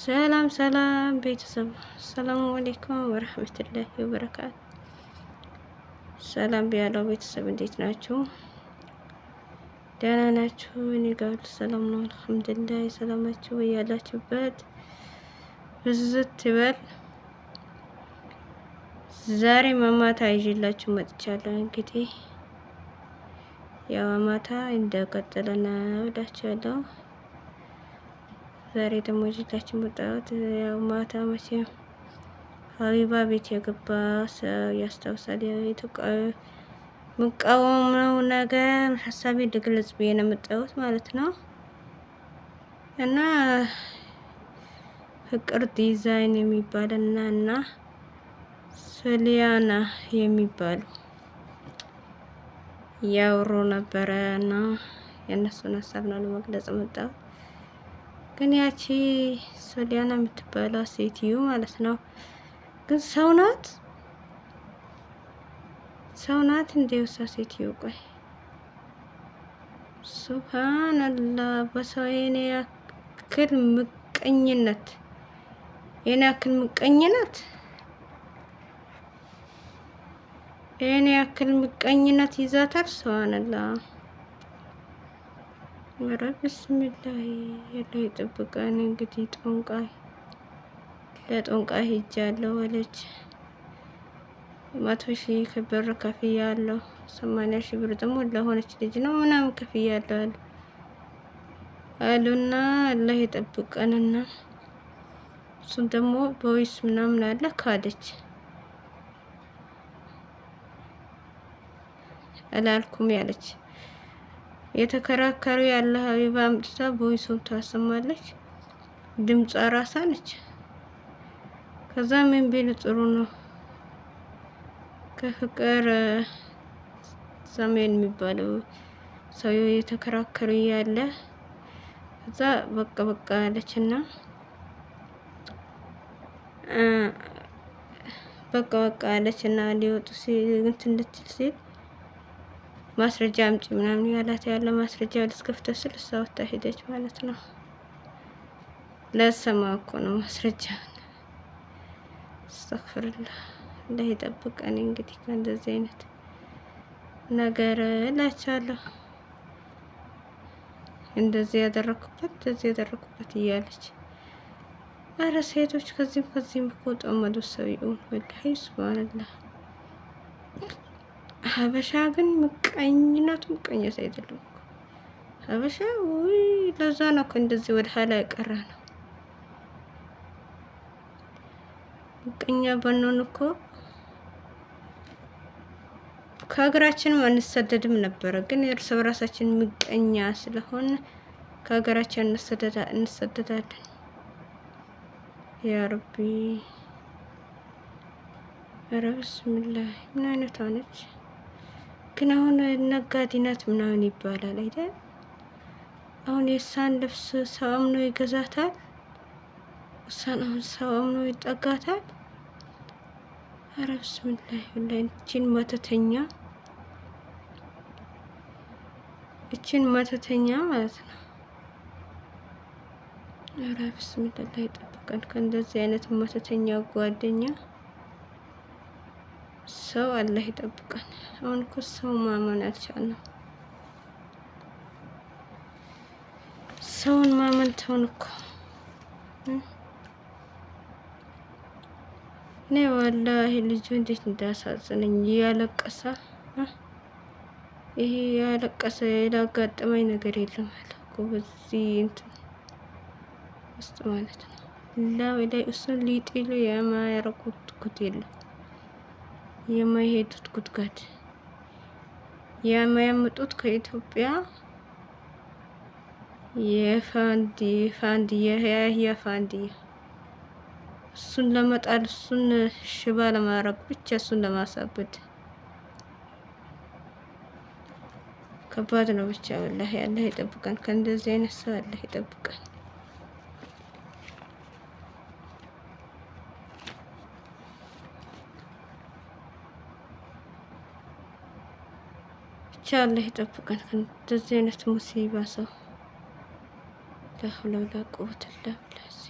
ሰላም ሰላም ቤተሰብ፣ አሰላሙ አሌይኩም ወረህመቱላሂ ወበረካቱ። ሰላም ያለው ቤተሰብ እንዴት ናችሁ? ደህና ናችሁ? እኔ ጋር ሰላም ነው አልሐምዱሊላህ። ሰላማችሁ እያላችሁበት ብዝት ይበል። ዛሬ ማማታ ይዤላችሁ መጥቻለሁ። እንግዲህ ያው ማማታ እንደቀጠለ ነው እላችኋለሁ ዛሬ ደግሞ እጅላችን መጣሁት። ያው ማታ መቼም ሀቢባ ቤት የገባ ሰው ያስታውሳል። የምቃወመው ነገር ሀሳቤ ልግለጽ ብዬ ነው የመጣሁት ማለት ነው እና ፍቅር ዲዛይን የሚባል እና እና ሰሊያና የሚባሉ ያወሩ ነበረ እና የእነሱን ሀሳብ ነው ለመግለጽ መጣሁት። ግን ያቺ ሶሊያና የምትባለው ሴትዮ ማለት ነው። ግን ሰው ናት ሰው ናት እንደ ውሳ ሴትዮ ቆይ ሱብሃንአላህ በሰው የኔ ያክል ምቀኝነት የኔ ያክል ምቀኝነት የኔ ያክል ምቀኝነት ይዛታል። ሱብሃንአላህ ኧረ ብስምላሂ አላህ ይጠብቀን። እንግዲህ ጠንቋይ ለጠንቋይ ሂጃለሁ አለች። መቶ ሺህ ክብር ከፍያለሁ፣ ሰማንያ ሺህ ብር ደግሞ ለሆነች ልጅ ነው ምናምን ከፍያለሁ አሉ አሉና አላህ ይጠብቀንና እሱም ደግሞ በወይስ ምናምን አለ ካደች አላልኩም ያለች የተከራከሩ ያለ ሀቢባ አምጥታ ቦይሶ ታሰማለች። ድምጿ ራሳ ነች። ከዛ ምን ቢል ጥሩ ነው ከፍቅር ሰሜን የሚባለው ሰው የተከራከሩ ያለ ከዛ በቃ በቃ ያለችና በቃ በቃ ያለችና ሊወጡ ሲል እንትን ልትል ሲል ማስረጃ አምጪ ምናምን ያላት ያለ ማስረጃ ልትከፍተው ስል እሷ ወታ ሄደች ማለት ነው። ለሰማ እኮ ነው ማስረጃ። አስተግፍርላ አላህ ይጠብቀን። እንግዲህ ከእንደዚህ አይነት ነገር እላቻለሁ። እንደዚህ ያደረኩበት እንደዚህ ያደረኩበት እያለች አረ ሴቶች ከዚህም ከዚህም እኮ ጠመዱ ሰው ይሁን ወላሂ ሱብሃንአላህ ሀበሻ ግን ምቀኝነቱ ምቀኛ ሳይት የለም። ሀበሻ ውይ፣ ለዛ ነው እኮ እንደዚህ ወደ ኋላ የቀረ ነው። ምቀኛ በኖን እኮ ከሀገራችንም አንሰደድም ነበረ። ግን እርስ በራሳችን ምቀኛ ስለሆነ ከሀገራችን እንሰደዳለን። ያ ረቢ ኧረ ምን አይነቷ ነች? ግን አሁን ነጋዴ ምናምን ይባላል አይደል? አሁን የእሷን ልብስ ሰው አምኖ ይገዛታል። እሷን አሁን ሰው አምኖ ይጠጋታል። ኧረ ብስምላሂ ወላሂ እችን መተተኛ እችን መተተኛ ማለት ነው። ኧረ ብስምላሂ ይጠብቀን ከእንደዚህ አይነት መተተኛ ጓደኛ ሰው አላህ ይጠብቀን። አሁን እኮ ሰው ማመን ሰውን ማመን ተውን እኮ እኔ ወላሂ ልጁ እንዴት እንዳሳዘነኝ እያለቀሰ ይሄ ያለቀሰ ያጋጠመኝ ነገር የለም አለ እኮ በዚህ እንትን ውስጥ ማለት ነው። ላይ እሱን ሊጥሉ የማያረጉት ጉድ የለም የማይሄዱት ጉድጓድ የሚያመጡት ከኢትዮጵያ የፋንዲ ፋንዲ የህያ ፋንዲ እሱን ለመጣል እሱን ሽባ ለማድረግ ብቻ እሱን ለማሳበድ ከባድ ነው። ብቻ ወላሂ አላህ ይጠብቀን፣ ከእንደዚህ አይነት ሰው አላህ ይጠብቀን። ብቻ አላህ ይጠብቀን ከእንደዚህ አይነት ሙሲባ ሰው። ላሁለውላ ቁት ለብላሲ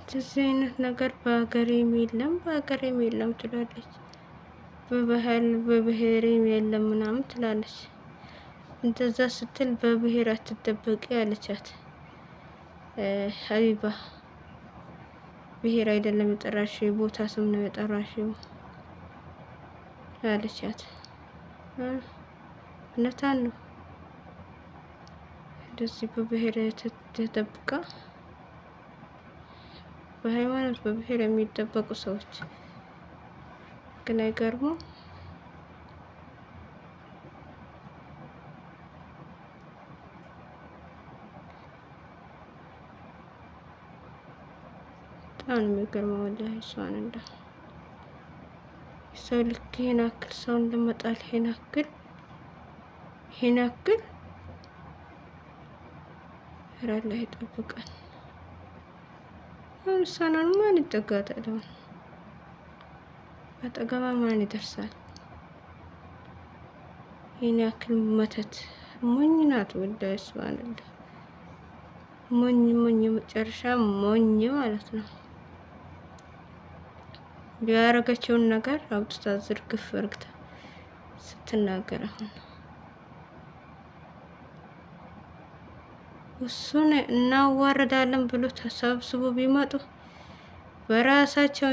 እንደዚህ አይነት ነገር በሀገሬም የለም በሀገሬም የለም ትላለች። በባህል በብሔሬም የለም ምናምን ትላለች። እንደዛ ስትል በብሔር አትደበቂ ያለቻት ሀቢባ ብሔር አይደለም የጠራሽው ቦታ ስም ነው የጠራሽው አለቻት። እውነታን ነው እንደዚህ በብሔር ተጠብቃ በሃይማኖት በብሄር የሚጠበቁ ሰዎች ግን አይገርሙም። በጣም ነው የሚገርመው። ወላሂ እሷን እንዳ ሰው ልክ ይሄን አክል ሰውን ለመጣል ይሄን አክል ይሄን አክል ኧረ አላህ ይጠብቃል። አሁን እሷን ማን ይጠጋታል? አሁን አጠገባ ማን ይደርሳል? ይህን ያክል መተት ሞኝ ናት። ወላሂ እሷን ሞኝ ሞኝ መጨረሻ ሞኝ ማለት ነው። ያደረገችውን ነገር አውጥታ ዝርግፍ እርግታ ስትናገር አሁን እሱን እናዋረዳለን ብሎ ተሰብስቦ ቢመጡ በራሳቸው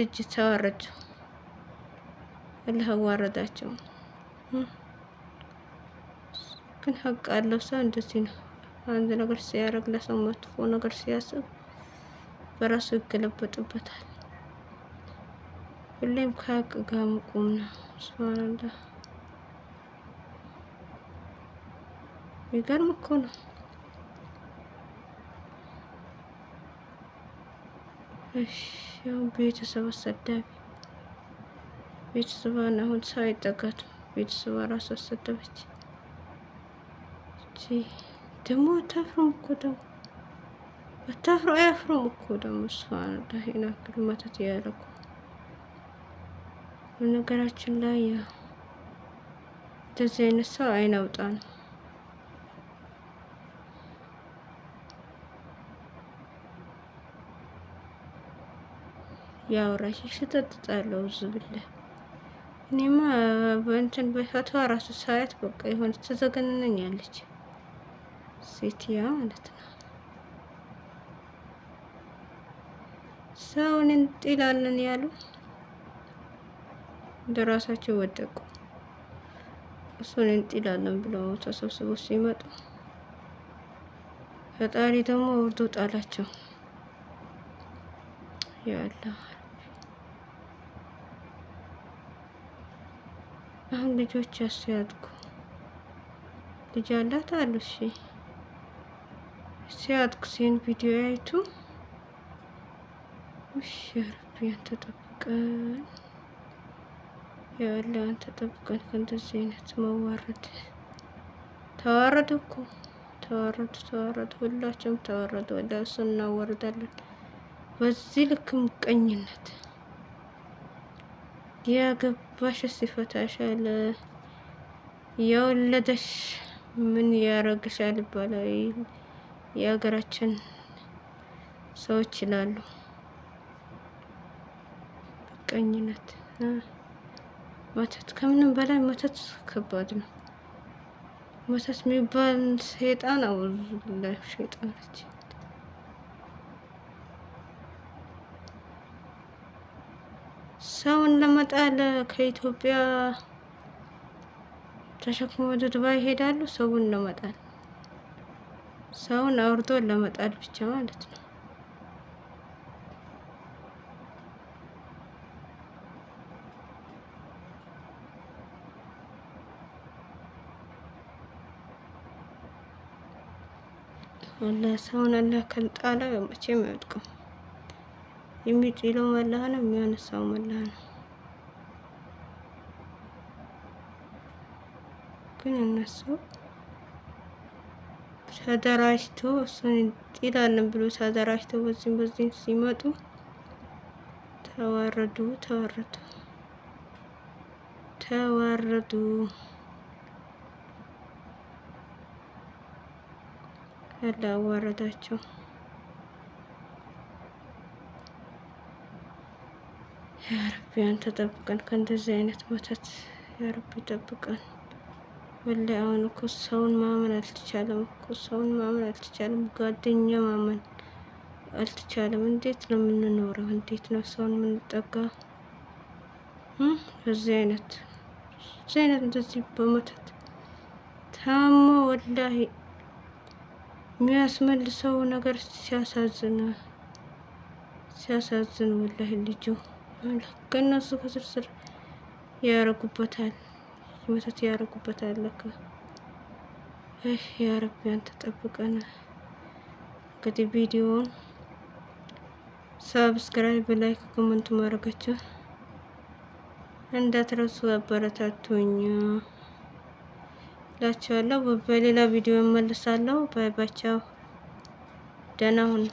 እጅ ተዋረዱ። አዋረዳቸው። ግን ሀቅ አለው ሰው እንደዚህ ነው። አንድ ነገር ሲያደርግ ለሰው መጥፎ ነገር ሲያስብ በራሱ ይገለበጥበታል። ሁሌም ከሀቅ ጋር መቆም ነው። ሱብሃንአላህ የሚገርም እኮ ነው። እሺ ቤተሰብ አሰዳቢ ቤተሰብ አሁን ሰው አይጠጋትም። ቤተሰብ ራሱ አሰደበች። እቺ ደግሞ አታፍሩም እኮ ደግሞ አታፍሩ አያፍሩም እኮ ደግሞ ሱብሃንአላህ ይናክል መተት ያደረጉ በነገራችን ላይ እንደዚህ አይነት ሰው አይን አውጣ ነው። ያውራሽ ስጠጥጣለው ዝብለ እኔማ በእንትን በፈቷ ራሱ ሳያት በቃ የሆነ ያለች ሴትያ ማለት ነው። ሰውን እንጥላለን ያሉ እንደራሳቸው ወደቁ። እሱን እንጥላለን ብለው ተሰብስበው ሲመጡ ፈጣሪ ደግሞ ወርዶ ጣላቸው። ያላ አሁን ልጆች ያስያድጉ ልጅ አላት አሉ። እሺ ሲያድጉ ሲን ቪዲዮ ያይቱ ውሽ ረቢ ጠብቀን የበላውን ተጠብቀን ከእንደዚህ አይነት መዋረድ ተዋረዱ እኮ ተዋረዱ፣ ተዋረዱ፣ ሁላቸውም ተዋረዱ። ወደ እሱ እናወርዳለን። በዚህ ልክ ምቀኝነት ያገባሽ ሲፈታሻል፣ የወለደሽ ምን ያረግሻል ይባላል የሀገራችን ሰዎች ይላሉ። ምቀኝነት መተት ከምንም በላይ መተት ከባድ ነው። መተት የሚባል ላይ አውላ ነች። ሰውን ለመጣል ከኢትዮጵያ ተሸክሞ ወደ ዱባይ ይሄዳሉ። ሰውን ለመጣል ሰውን አውርዶ ለመጣል ብቻ ማለት ነው። አላህ ሰውን አላህ ከልጣለ መቼም አይወድቅም። የሚጥለው መላ ነው፣ የሚያነሳው አላህ ነው። ግን እነሱ ተደራጅቶ እሱን እንጥላለን ብሎ ተደራጅቶ በዚህም በዚህም ሲመጡ ተዋረዱ ተዋረዱ ተዋረዱ። ያላዋረዳቸው አዋረዳቸው። የአረቢያን ተጠብቀን ከእንደዚህ አይነት መተት የአረቢ ጠብቀን። ወላሂ አሁን እኮ ሰውን ማመን አልተቻለም እኮ ሰውን ማመን አልተቻለም፣ ጓደኛ ማመን አልተቻለም። እንዴት ነው የምንኖረው? እንዴት ነው ሰውን የምንጠጋ? በዚህ አይነት በዚህ አይነት እንደዚህ በመተት ታሞ ወላሂ የሚያስመልሰው ነገር ሲያሳዝን ሲያሳዝን ወላሂ ልጁ ከእነሱ ከስርስር ያረጉበታል፣ መተት ያረጉበታል። ለካ ይህ የአረቢያን ተጠብቀን እንግዲህ ቪዲዮውን ሰብስክራይብ፣ ላይክ፣ ኮመንት ማድረጋቸው እንዳትረሱ አበረታቱኝ። እላችኋለሁ። በሌላ ቪዲዮ እመልሳለሁ። ባይ ባቸው። ደህና ሁኑ።